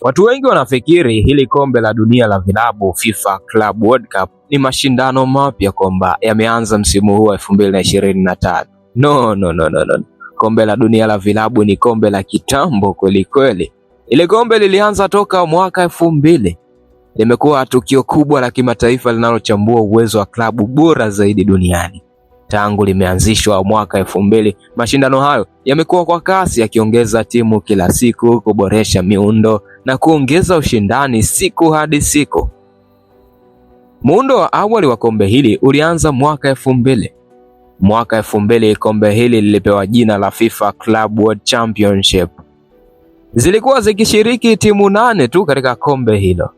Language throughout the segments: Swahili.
Watu wengi wanafikiri hili kombe la dunia la vilabu FIFA Club World Cup ni mashindano mapya kwamba yameanza msimu huu wa 2025. No, no, no, no, no. Kombe la dunia la vilabu ni kombe la kitambo kweli kweli. Ile kombe lilianza toka mwaka elfu mbili. Limekuwa tukio kubwa la kimataifa linalochambua uwezo wa klabu bora zaidi duniani tangu limeanzishwa mwaka elfu mbili. Mashindano hayo yamekuwa kwa kasi yakiongeza timu kila siku, kuboresha miundo na kuongeza ushindani siku hadi siku. Muundo wa awali wa kombe hili ulianza mwaka elfu mbili. Mwaka elfu mbili kombe hili lilipewa jina la FIFA Club World Championship. Zilikuwa zikishiriki timu nane tu katika kombe hilo,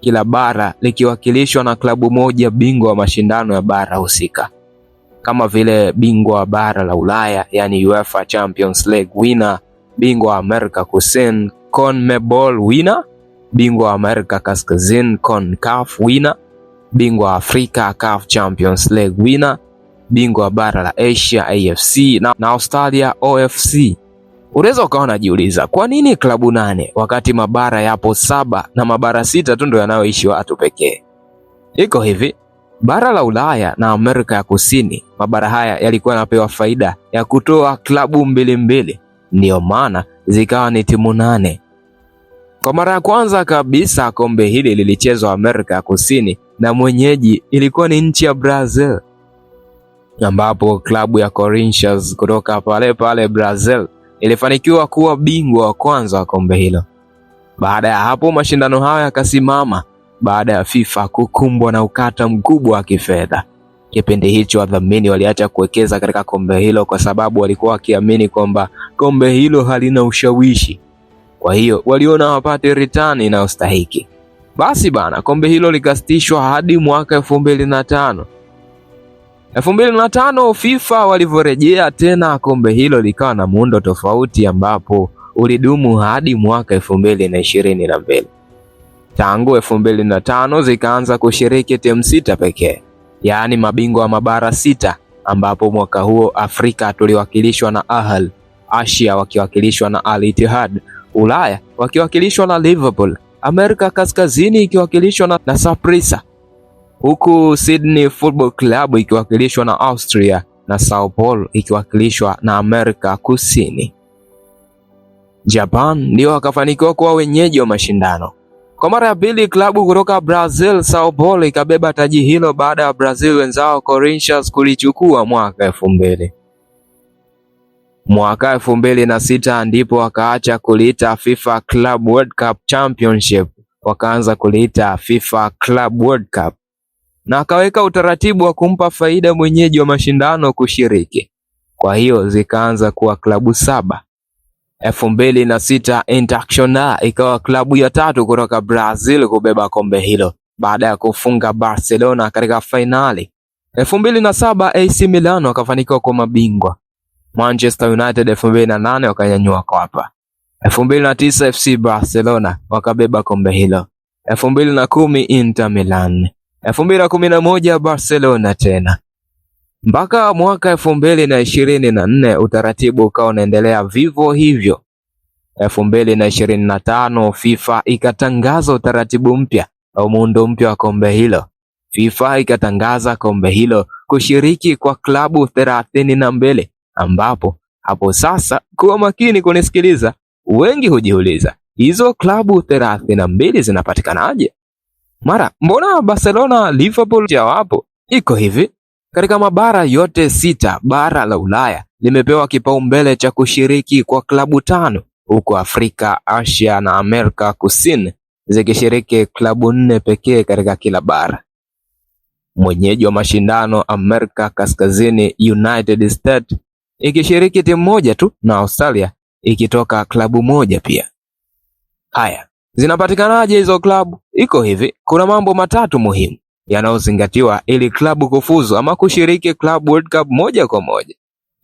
kila bara likiwakilishwa na klabu moja bingwa wa mashindano ya bara husika kama vile bingwa bara la Ulaya, yani UEFA Champions League winner, bingwa wa Amerika Kusini CONMEBOL winner, bingwa wa Amerika Kaskazini CONCACAF winner, bingwa wa Afrika CAF Champions League winner, bingwa wa bara la Asia AFC na, na Australia OFC. Unaweza ukawa unajiuliza kwa nini klabu nane wakati mabara yapo saba na mabara sita tu ndio yanayoishi watu pekee. Iko hivi, Bara la Ulaya na Amerika ya Kusini, mabara haya yalikuwa yanapewa faida ya kutoa klabu mbili mbili, ndiyo maana zikawa ni timu nane. Kwa mara ya kwanza kabisa kombe hili lilichezwa Amerika ya Kusini na mwenyeji ilikuwa ni nchi ya Brazil, ambapo klabu ya Corinthians kutoka pale pale Brazil ilifanikiwa kuwa bingwa wa kwanza wa kombe hilo. Baada ya hapo mashindano hayo yakasimama baada ya FIFA kukumbwa na ukata mkubwa wa kifedha. Kipindi hicho wadhamini waliacha kuwekeza katika kombe hilo kwa sababu walikuwa wakiamini kwamba kombe hilo halina ushawishi, kwa hiyo waliona hawapati ritani inayostahiki. Basi bana, kombe hilo likasitishwa hadi mwaka elfu mbili na tano. Elfu mbili na tano FIFA walivyorejea tena kombe hilo likawa na muundo tofauti ambapo ulidumu hadi mwaka elfu mbili na ishirini na mbili tangu elfu zikaanza kushiriki timu sita pekee, yaani mabingwa wa mabara sita, ambapo mwaka huo Afrika tuliwakilishwa na Ahal, Asia wakiwakilishwa na Al Ittihad, Ulaya wakiwakilishwa na Liverpool, Amerika Kaskazini ikiwakilishwa na, na Saprissa, huku Sydney Football Club ikiwakilishwa na Austria na Sao Paulo ikiwakilishwa na Amerika Kusini. Japan ndio wakafanikiwa kuwa wenyeji wa mashindano kwa mara ya pili klabu kutoka Brazil Sao Paulo ikabeba taji hilo baada ya Brazil wenzao Corinthians kulichukua mwaka elfu mbili mwaka elfu mbili na sita ndipo wakaacha kuliita FIFA Club World Cup Championship wakaanza kuliita FIFA Club World Cup na akaweka utaratibu wa kumpa faida mwenyeji wa mashindano kushiriki. Kwa hiyo zikaanza kuwa klabu saba elfu mbili na sita Internacional ikawa klabu ya tatu kutoka Brazil kubeba kombe hilo baada ya kufunga Barcelona katika fainali. elfu mbili na saba AC Milan wakafanikiwa kuwa mabingwa. Manchester United elfu mbili na nane wakanyanyua kwapa. elfu mbili na tisa FC Barcelona wakabeba kombe hilo. elfu mbili na kumi Inter Milan. elfu mbili na kumi na moja Barcelona tena mpaka mwaka elfu mbili na ishirini na nne utaratibu ukawa unaendelea vivyo hivyo. elfu mbili na ishirini na tano FIFA ikatangaza utaratibu mpya au muundo mpya wa kombe hilo. FIFA ikatangaza kombe hilo kushiriki kwa klabu thelathini na mbili ambapo hapo sasa, kuwa makini kunisikiliza. Wengi hujiuliza hizo klabu thelathini na mbili zinapatikanaje? Mara mbona Barcelona, Liverpool jawapo iko hivi katika mabara yote sita bara la Ulaya limepewa kipaumbele cha kushiriki kwa klabu tano huku Afrika, Asia na Amerika Kusini zikishiriki klabu nne pekee katika kila bara. Mwenyeji wa mashindano Amerika Kaskazini, United States ikishiriki timu moja tu na Australia ikitoka klabu moja pia. Haya, zinapatikanaje hizo klabu? Iko hivi, kuna mambo matatu muhimu yanayozingatiwa ili klabu kufuzu ama kushiriki Club World Cup moja kwa moja.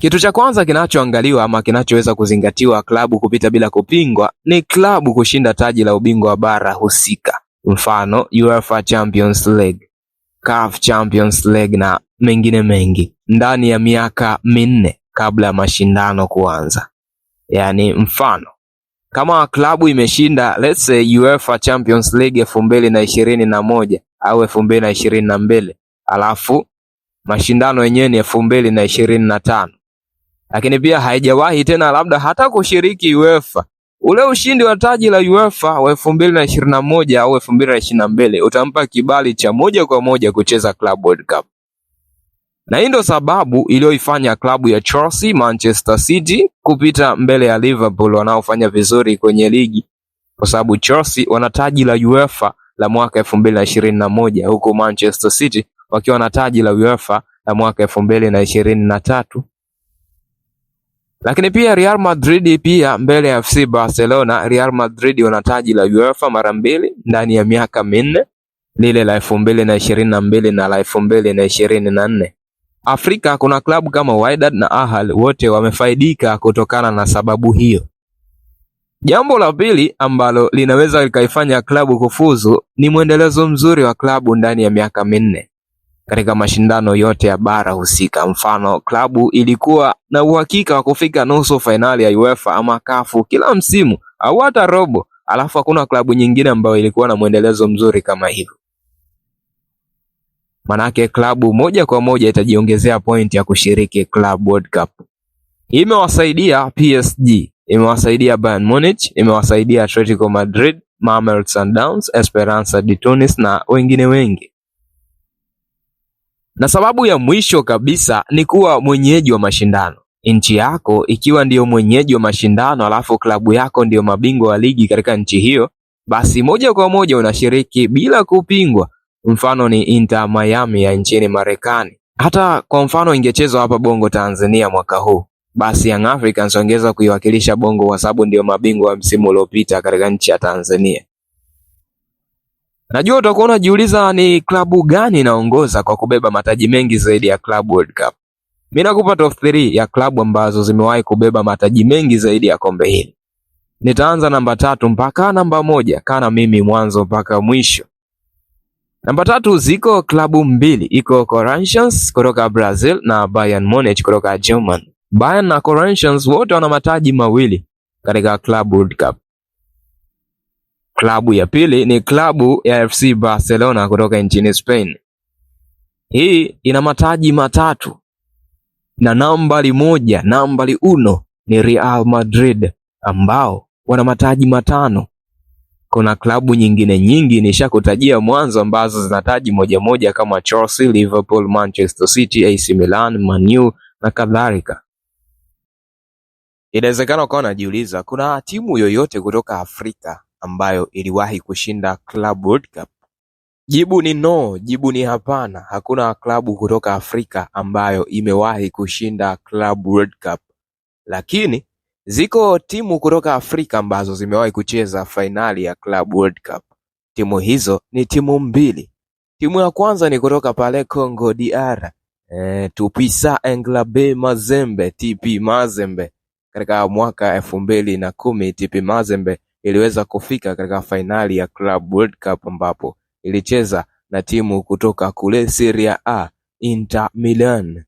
Kitu cha kwanza kinachoangaliwa ama kinachoweza kuzingatiwa klabu kupita bila kupingwa ni klabu kushinda taji la ubingwa wa bara husika, mfano UEFA Champions League, CAF Champions League na mengine mengi, ndani ya miaka minne kabla ya mashindano kuanza. Yani mfano kama klabu imeshinda let's say UEFA Champions League elfu mbili na ishirini na moja au elfu mbili na ishirini na mbili alafu mashindano yenyewe ni elfu mbili na ishirini na tano lakini pia haijawahi tena labda hata kushiriki UEFA. Ule ushindi wa taji la UEFA wa elfu mbili na ishirini na moja au elfu mbili na ishirini na mbili utampa kibali cha moja kwa moja kucheza Club World Cup, na hii ndio sababu iliyoifanya klabu ya Chelsea, Manchester City kupita mbele ya Liverpool wanaofanya vizuri kwenye ligi, kwa sababu Chelsea wana taji la UEFA la mwaka elfu mbili na na ishirini moja huku Manchester City wakiwa na taji la UEFA la mwaka elfu mbili na na ishirini tatu Lakini pia Real Madrid pia mbele ya FC Barcelona. Real Madrid wana taji la UEFA mara mbili ndani ya miaka minne, lile la elfu mbili na ishirini na na mbili la elfu mbili na na ishirini nne. Afrika kuna klabu kama Wydad na Ahal wote wamefaidika kutokana na sababu hiyo. Jambo la pili ambalo linaweza likaifanya klabu kufuzu ni mwendelezo mzuri wa klabu ndani ya miaka minne katika mashindano yote ya bara husika. Mfano, klabu ilikuwa na uhakika wa kufika nusu fainali ya UEFA ama kafu kila msimu au hata robo, alafu hakuna klabu nyingine ambayo ilikuwa na mwendelezo mzuri kama hivyo. Manake klabu moja kwa moja itajiongezea point ya kushiriki Club World Cup. Imewasaidia PSG imewasaidia Bayern Munich, imewasaidia Atletico Madrid, Mamelodi Sundowns, Esperance de Tunis na wengine wengi. Na sababu ya mwisho kabisa ni kuwa mwenyeji wa mashindano. Nchi yako ikiwa ndiyo mwenyeji wa mashindano, alafu klabu yako ndiyo mabingwa wa ligi katika nchi hiyo, basi moja kwa moja unashiriki bila kupingwa. Mfano ni Inter Miami ya nchini Marekani. Hata kwa mfano ingechezwa hapa Bongo Tanzania mwaka huu basi Young Africans wangeweza kuiwakilisha Bongo kwa sababu ndio mabingwa wa msimu uliopita katika nchi ya Tanzania. Najua utakuwa unajiuliza ni klabu gani inaongoza kwa kubeba mataji mengi zaidi ya Club World Cup. Mimi nakupa top 3 ya klabu ambazo zimewahi kubeba mataji mengi zaidi ya kombe hili. Nitaanza namba tatu mpaka namba moja, kana mimi mwanzo mpaka mwisho. Namba tatu ziko klabu mbili, iko Corinthians kutoka Brazil na Bayern Munich kutoka Germany. Bayern na Corinthians wote wana mataji mawili katika Club World Cup. Klabu ya pili ni klabu ya FC Barcelona kutoka nchini Spain. Hii ina mataji matatu na nambari moja, nambari uno ni Real Madrid ambao wana mataji matano. Kuna klabu nyingine nyingi nishakutajia mwanzo ambazo zinataji moja moja kama Chelsea, Liverpool, Manchester City, AC Milan, Man U na kadhalika. Inawezekana ukawa unajiuliza kuna timu yoyote kutoka Afrika ambayo iliwahi kushinda Club World Cup Jibu ni no, jibu ni hapana. Hakuna klabu kutoka Afrika ambayo imewahi kushinda Club World Cup, lakini ziko timu kutoka Afrika ambazo zimewahi kucheza fainali ya Club World Cup. Timu hizo ni timu mbili. Timu ya kwanza ni kutoka pale Congo DR, e, eh, Tupisa Englabe Mazembe, TP Mazembe, katika mwaka elfu mbili na kumi TP Mazembe iliweza kufika katika fainali ya Club World Cup ambapo ilicheza na timu kutoka kule Serie A Inter Milan.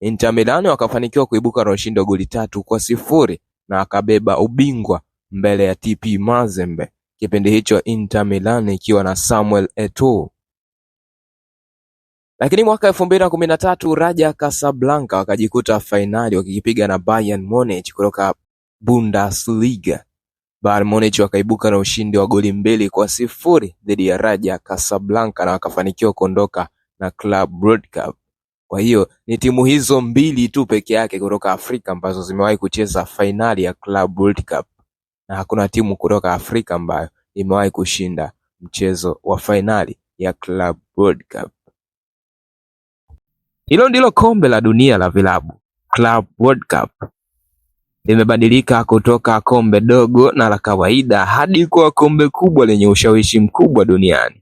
Inter Milan wakafanikiwa kuibuka na ushindi wa goli tatu kwa sifuri na akabeba ubingwa mbele ya TP Mazembe. Kipindi hicho Inter Milan ikiwa na Samuel Eto'o lakini mwaka elfu mbili na kumi na tatu Raja Casablanca wakajikuta fainali wakikipiga na Bayern Munich kutoka Bundesliga. Bayern Munich wakaibuka na ushindi wa goli mbili kwa sifuri dhidi ya Raja Casablanca na wakafanikiwa kuondoka na Club World Cup. Kwa hiyo ni timu hizo mbili tu peke yake kutoka Afrika ambazo zimewahi kucheza fainali ya Club World Cup, na hakuna timu kutoka Afrika ambayo imewahi kushinda mchezo wa fainali ya Club World Cup. Hilo ndilo kombe la dunia la vilabu Club World Cup limebadilika kutoka kombe dogo na la kawaida hadi kuwa kombe kubwa lenye ushawishi mkubwa duniani,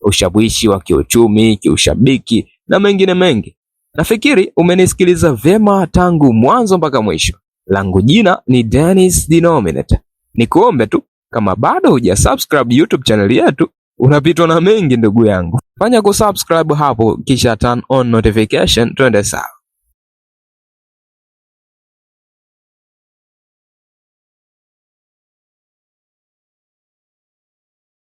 ushawishi wa kiuchumi, kiushabiki na mengine mengi. Nafikiri umenisikiliza vyema tangu mwanzo mpaka mwisho. Langu jina ni Dennis Denominator. Nikuombe tu kama bado hujasubscribe YouTube chaneli yetu, Unapitwa na mengi ndugu yangu, fanya kusubscribe hapo kisha turn on notification, twende sawa.